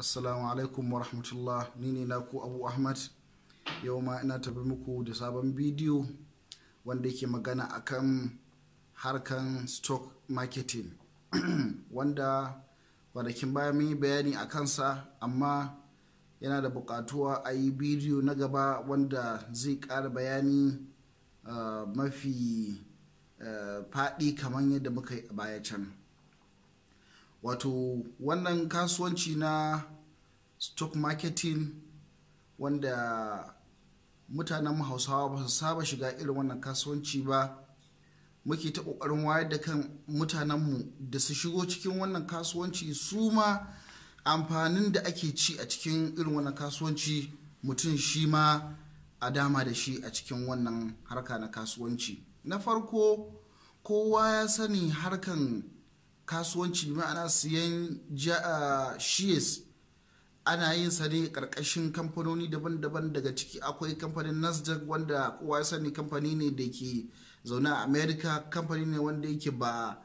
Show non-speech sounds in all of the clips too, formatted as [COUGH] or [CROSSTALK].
assalamu alaikum wa rahmatullah ni ne naku abu ahmad yau ma ina tafi muku da sabon bidiyo wanda ke magana akan harkan stock marketing [CLEARS THROAT] wanda kwanakin baya mun yi bayani a kansa amma yana da bukatuwa a yi bidiyo na gaba wanda zai ƙara bayani eh, mafi eh, faɗi kamar yadda muka yi a baya can. wato wannan kasuwanci na stock marketing wanda mutanen hausawa ba su saba shiga irin wannan kasuwanci ba muke ta ƙoƙarin wayar da kan mutanenmu da su shigo cikin wannan kasuwanci su ma amfanin da ake ci a cikin irin wannan kasuwanci mutum shi ma a dama da shi a cikin wannan harka na kasuwanci na farko kowa ya sani harkan kasuwanci ma'ana siyan shears ana yin sa ne karkashin kamfanoni daban-daban daga ciki akwai kamfanin nasdaq wanda kowa ya sani kamfani ne da ke zaune a america kamfani ne wanda yake ba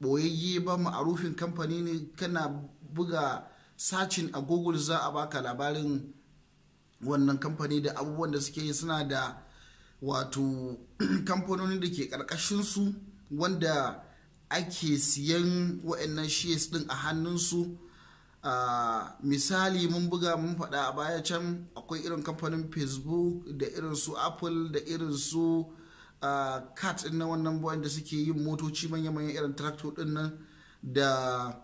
boyayye ba ma'arufin kamfani ne kana buga sacin a google za a baka labarin wannan kamfani da abubuwan da suke yi suna da wato [CLEARS THROAT] kamfanoni da ke karkashin su wanda ake siyan wa'annan shears din a hannunsu a misali mun buga mun faɗa a baya can akwai irin kamfanin facebook da irin su apple da irin su cat na wannan bayan da suke yin motoci manya-manyan irin tractor din nan da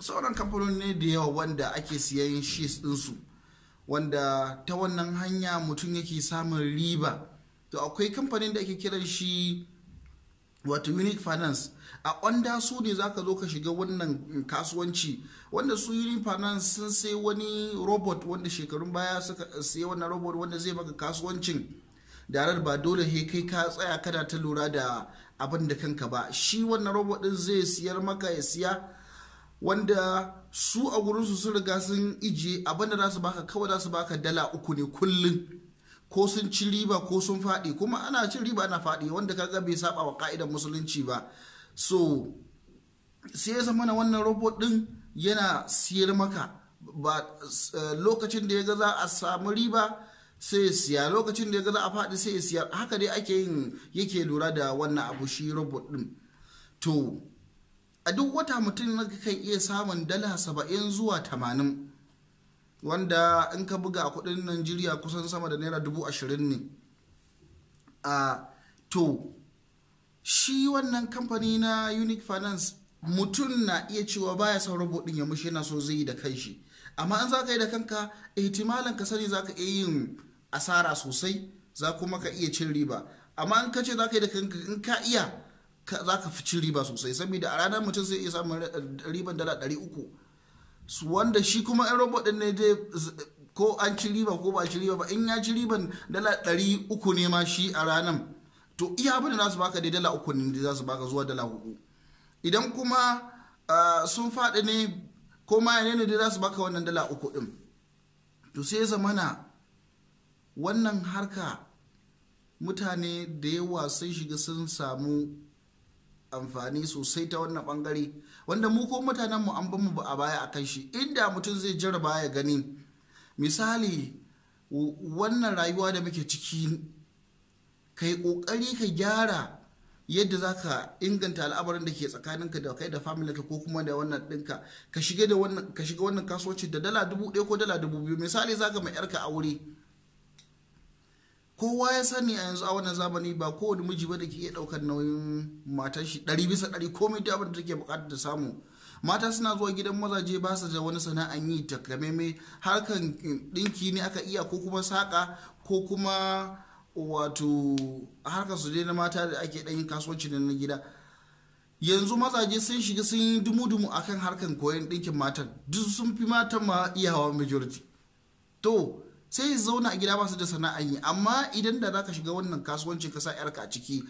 sauran kamfanoni ne da yawa wanda ake siyan shears ɗinsu wanda ta wannan hanya mutum yake samun riba to akwai kamfanin da ake kiran shi wato unit finance a onda su ne zaka zo ka shiga wannan kasuwanci wanda su unit finance sun sai wani robot wanda shekarun baya suka sai wannan robot wanda zai maka kasuwancin darar ba dole he kai ka tsaya kana ta lura da abin da kanka ba shi wannan robot din zai siyar maka ya siya wanda su a gurinsu sun riga sun ijiye abin da za su baka kawai za su baka dala uku ne kullum ko sun ci riba ko sun faɗi kuma ana cin riba ana faɗi wanda kaga bai saba wa ka'idar musulunci ba so sai ya zama wannan robot din yana siyar maka ba eh, lokacin da ya ga za a samu riba sai ya siya lokacin da ya ga za a faɗi sai ya siya haka dai ake yin yake lura da wannan abu shi robot din to a duk wata mutum kan iya samun dala saba'in zuwa tamanin wanda in ka buga a kudin najeriya kusan sama da naira dubu ashirin ne a to shi wannan kamfani na unique finance mutum na iya cewa baya son rabo ya mushi yana so zai yi da kanshi amma in za ka yi da kanka ihtimalin eh, ka sani za ka iya yin asara sosai za kuma ka iya cin riba amma in ka ce za ka yi da kanka in ka iya za ka fi cin riba sosai saboda a ranar mutum zai iya samun riban dala 300 wanda shi kuma yan robot din ne dai ko an ci riba ko ba ci riba ba in ya ci riban dala ɗari uku ne ma shi a ranar to iya abin da za su baka dai dala uku ne za su baka zuwa dala hudu idan kuma sun faɗi ne ko ma ne dai za su baka wannan dala uku ɗin to sai zamana wannan harka mutane da yawa sun shiga sun samu amfani sosai ta wannan bangare wanda mu ko mutanen mu an mu a baya akan shi inda mutum zai jarraba ya gani misali wannan rayuwa da muke ciki kai kokari ka gyara yadda za ka inganta al'amarin da ke tsakaninka da kai da ka ko kuma da wannan ɗinka ka shiga wannan kasuwanci da dala dubu ɗaya ko dala dubu biyu misali za ka mai yarka aure kowa ya sani a yanzu a wannan zamani ba kowane miji ba da ke iya ɗaukar nauyin matan shi ɗari bisa ɗari komai da abin da take buƙatar da samu mata suna zuwa gidan mazaje ba su da wani sana'an yi takamaimai harkan ɗinki ne aka iya ko kuma saƙa ko kuma wato harkar su na mata da ake ɗan yin kasuwanci na gida yanzu mazaje sun shiga sun yi dumu-dumu akan harkan koyon ɗinkin matan duk sun fi matan ma iyawa majority to sai zauna a gida ba su da sana'a yi amma idan da zaka shiga wannan kasuwancin ka sa yarka a ciki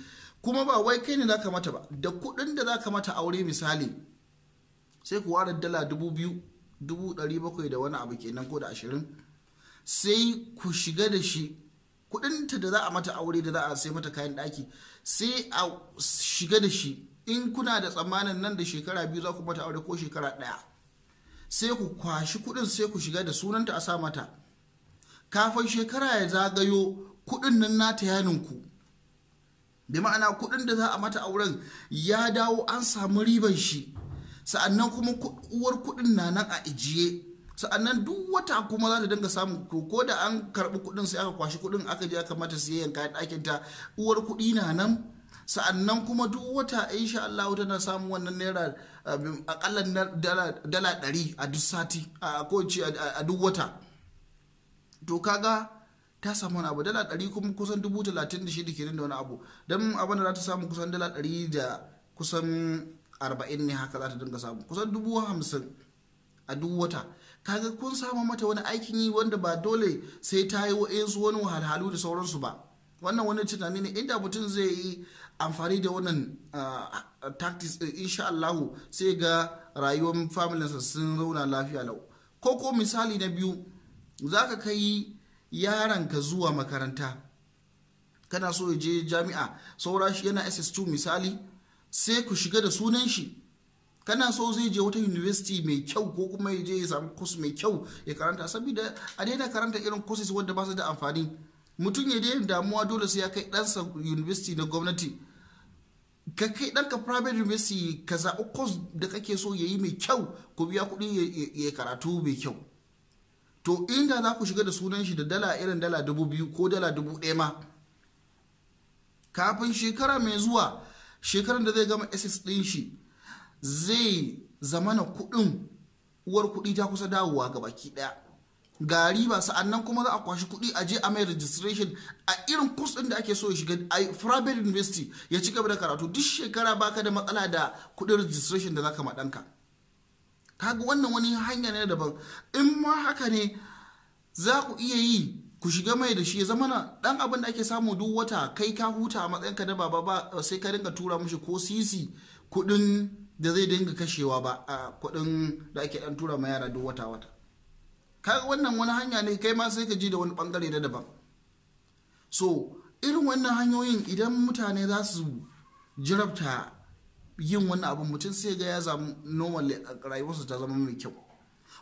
kuma ba wai kai ne zaka mata ba da kuɗin da zaka mata aure misali sai ku wara dala dubu biyu dubu ɗari bakwai da wani abu kenan ko da ashirin sai ku shiga da shi kuɗinta da za a mata aure da za a sai mata kayan ɗaki sai a shiga da shi in kuna da tsammanin nan da shekara biyu za ku mata aure ko shekara ɗaya sai ku kwashi kuɗin sai ku shiga da sunanta a sa mata kafin shekara ya zagayo kuɗin nan na ta yaninku. bi ma'ana kuɗin da za a mata auren ya dawo an samu riban shi sa'annan kuma uwar kuɗin na nan a ijiye sa'annan duk wata kuma za ta dinga samun ko da an karɓi kuɗin sai aka kwashi kuɗin aka je aka mata siyayyan kayan ɗakin ta uwar kuɗi na nan sa'annan kuma duk wata insha Allah tana samun wannan naira akalla dala ɗari a duk sati A a duk wata to kaga ta samu wani abu dala ɗari kuma kusan dubu talatin da shida kenan da wani abu don abin da za ta samu kusan dala ɗari da kusan arba'in ne haka za ta dinga samu kusan dubu hamsin a duk wata kaga kun samu mata wani aikin yi wanda ba dole sai ta yi wa'insu wani wahalhalu da sauransu ba wannan wani tunani ne inda mutum zai yi amfani da wannan ah, tactics insha Allahu sai ga rayuwar familinsa sun zauna lafiya lau ko ko misali na biyu za ka kai ka zuwa makaranta kana so ya je jami'a saura shi yana ss2 misali sai ku shiga da sunan shi kana so zai je wata university mai kyau ko kuma ya je ya samu mai kyau ya karanta saboda a daina karanta irin courses wanda ba su da amfani mutum ya daina damuwa dole sai ya kai ɗansa university na gwamnati ka kai ɗanka private university ka zaɓi course da kake so ya yi mai kyau ku biya kuɗi ya karatu mai kyau to inda za ku shiga da sunan shi da dala irin dala dubu biyu ko dala dubu ɗaya ma kafin shekara mai zuwa shekarar da zai gama ss ɗin shi zai zamana kuɗin uwar kuɗi ta kusa dawowa ga baki ɗaya gari sa'an sa'annan kuma za a kwashi kuɗi a je a mai registration a irin kurs ɗin da ake so ya shiga a private university ya ci gaba da karatu duk shekara baka da matsala da kuɗin registration da zaka ma ɗanka kaga wannan wani hanya ne daban in ma haka ne za ku iya yi ku shiga mai da shi ya zama na dan abin da ake samu duk wata kai ka huta a matsayinka na baba ba sai ka dinga tura mishi ko sisi kudin da zai dinga kashewa ba a kudin da ake dan tura ma yara duk wata wata kaga wannan wani hanya ne kai ma sai ka ji da wani bangare da daban so irin wannan hanyoyin idan mutane za su jirabta yin wani abin mutum sai ga ya zamu normal rayuwarsa ta zama mai kyau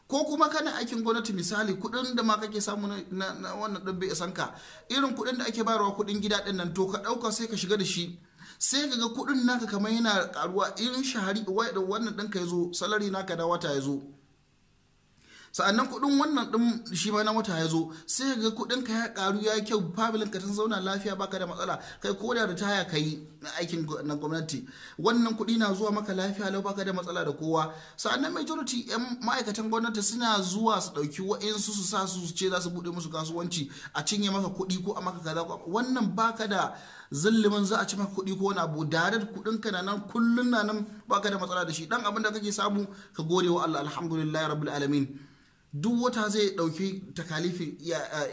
ko kuma kana aikin gwamnati misali kuɗin da ma kake samu na wannan ɗan bai isan ka irin kuɗin da ake bayarwa kuɗin gida ɗin nan to ka ɗauka sai ka shiga da shi sai ka ga kudin naka kamar yana karuwa irin shahari wannan ɗinka ya zo salari naka da wata ya zo sa'annan kuɗin wannan ɗin shi ma na wata ya zo sai ga kuɗin ka ya ƙaru ya yi kyau fabilin ka tun zauna lafiya baka da matsala kai ko da ritaya ka yi na aikin na gwamnati wannan kuɗi na zuwa maka lafiya lau baka da matsala da kowa sa'annan majority yan ma'aikatan gwamnati suna zuwa su dauki wa'insu su sa su ce za su buɗe musu kasuwanci a cinye maka kuɗi ko a maka kaza wannan baka da zullumin za a ci maka kuɗi ko wani abu da kuɗin ka na nan kullun na nan baka da matsala da shi dan abin da kake samu ka gode wa Allah alhamdulillah rabbil alamin duk wata zai ɗauki takalifin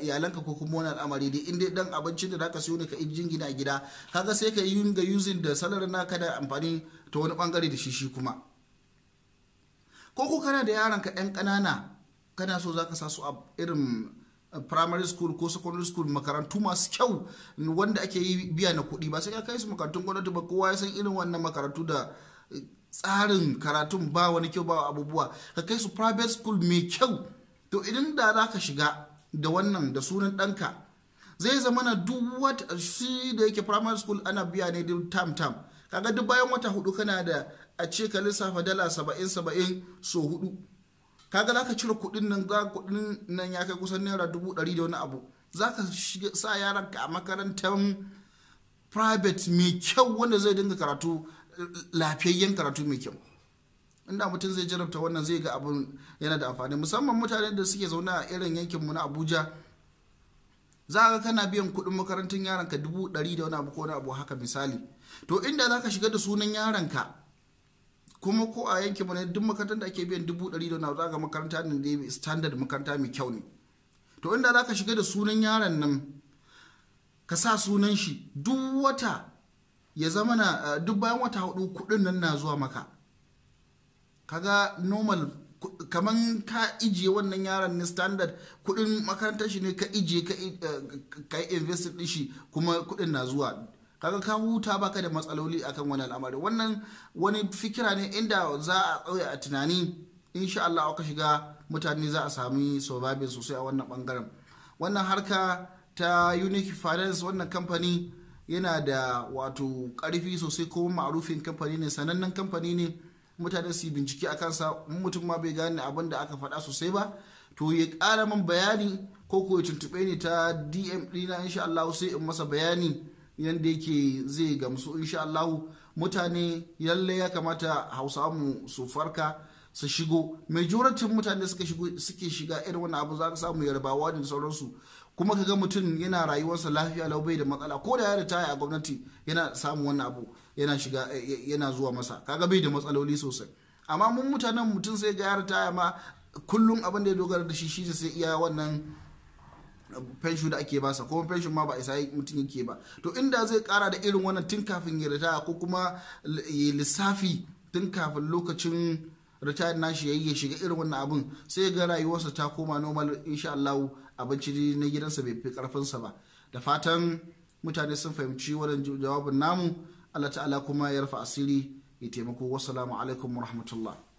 iyalanka ko kuma wani al'amari dai inda dan abincin da zaka siyo ne ka injin gina gida kaga sai ka yi ga using da salarin naka da amfani ta wani bangare da shi shi kuma ko ko kana da yaranka yan kanana kana so zaka sa su a irin primary school ko secondary school makarantu masu kyau wanda ake yi biya na kuɗi ba sai ka kai su makarantun gwamnati ba kowa ya san irin wannan makarantu da tsarin karatun ba wani kyau ba abubuwa ka kai su private school mai kyau to idan da za ka shiga da wannan da sunan ɗanka zai zama na duk wata shi da yake primary school ana biya ne duk tam tam kaga duk bayan wata hudu kana da a ce ka lissafa dala saba'in saba'in so hudu kaga za ka cire kuɗin nan za kuɗin nan ya kai kusan naira dubu ɗari da wani abu za ka sa yaranka a makarantar private mai kyau wanda zai dinga karatu lafiyayyen karatu mai kyau inda mutum zai jarabta wannan zai ga abin yana da amfani musamman mutane da suke zaune a irin mu na abuja za ka kana biyan kuɗin makarantar yaranka dubu ɗari da wani abu ko wani abu haka misali to inda za ka shiga da sunan yaranka kuma ko a yankin mu ne duk makarantar da ake biyan dubu ɗari da wani abu za ka makaranta ne da standard makaranta mai kyau ne to inda za ka shiga da sunan yaron nan ka sa sunan shi duk wata ya zama na eh, duk bayan wata hudu kudin nan na zuwa maka kaga normal kaman ka ije wannan yaron ne standard kudin makarantar shi ne ka ije eh, ka yi invest din shi kuma kudin na zuwa kaga ka huta baka da matsaloli akan wani al'amari wannan wani fikira ne inda za a tsaya a tunani insha Allah aka shiga mutane za a sami sobabin sosai a wannan bangaren wannan harka ta unique finance wannan kamfani yana da wato karfi sosai kuma ma'arufin kamfani ne sanannen kamfani ne mutane su bincike a kansa mutum ma bai gane abin da aka faɗa sosai ba to ya ƙara min bayani ko ko ya tuntuɓe ni ta dm ɗina insha Allah sai in masa bayani yadda yake zai gamsu insha Allah mutane yalle ya kamata hausa mu su farka su shigo majoratin mutane suke shiga irin wani abu za ka samu yarbawa da sauransu kuma ka ga mutum yana rayuwarsa lafiya lau bai da matsala ko da ya ritaya a gwamnati yana samun wannan abu yana shiga eh, eh, yana zuwa masa kaga bai da matsaloli sosai amma mun mutanen mutum sai ga ya ritaya ma kullum abin da ya dogara da shi shi sai iya wannan fenshu da ake basa kuma fenshon ma ba isa mutum yake ba to inda zai kara da irin wannan tun kafin ya ritaya ko kuma ya lissafi tun kafin lokacin ritaya nashi ya shiga irin wannan abun sai ga rayuwarsa ta koma normal insha Allah abinci na gidansa bai fi karfinsa ba da fatan mutane sun fahimci wannan jawabin namu Allah ta'ala kuma ya rufe asiri ya taimako wasu alaikum wa rahmatullah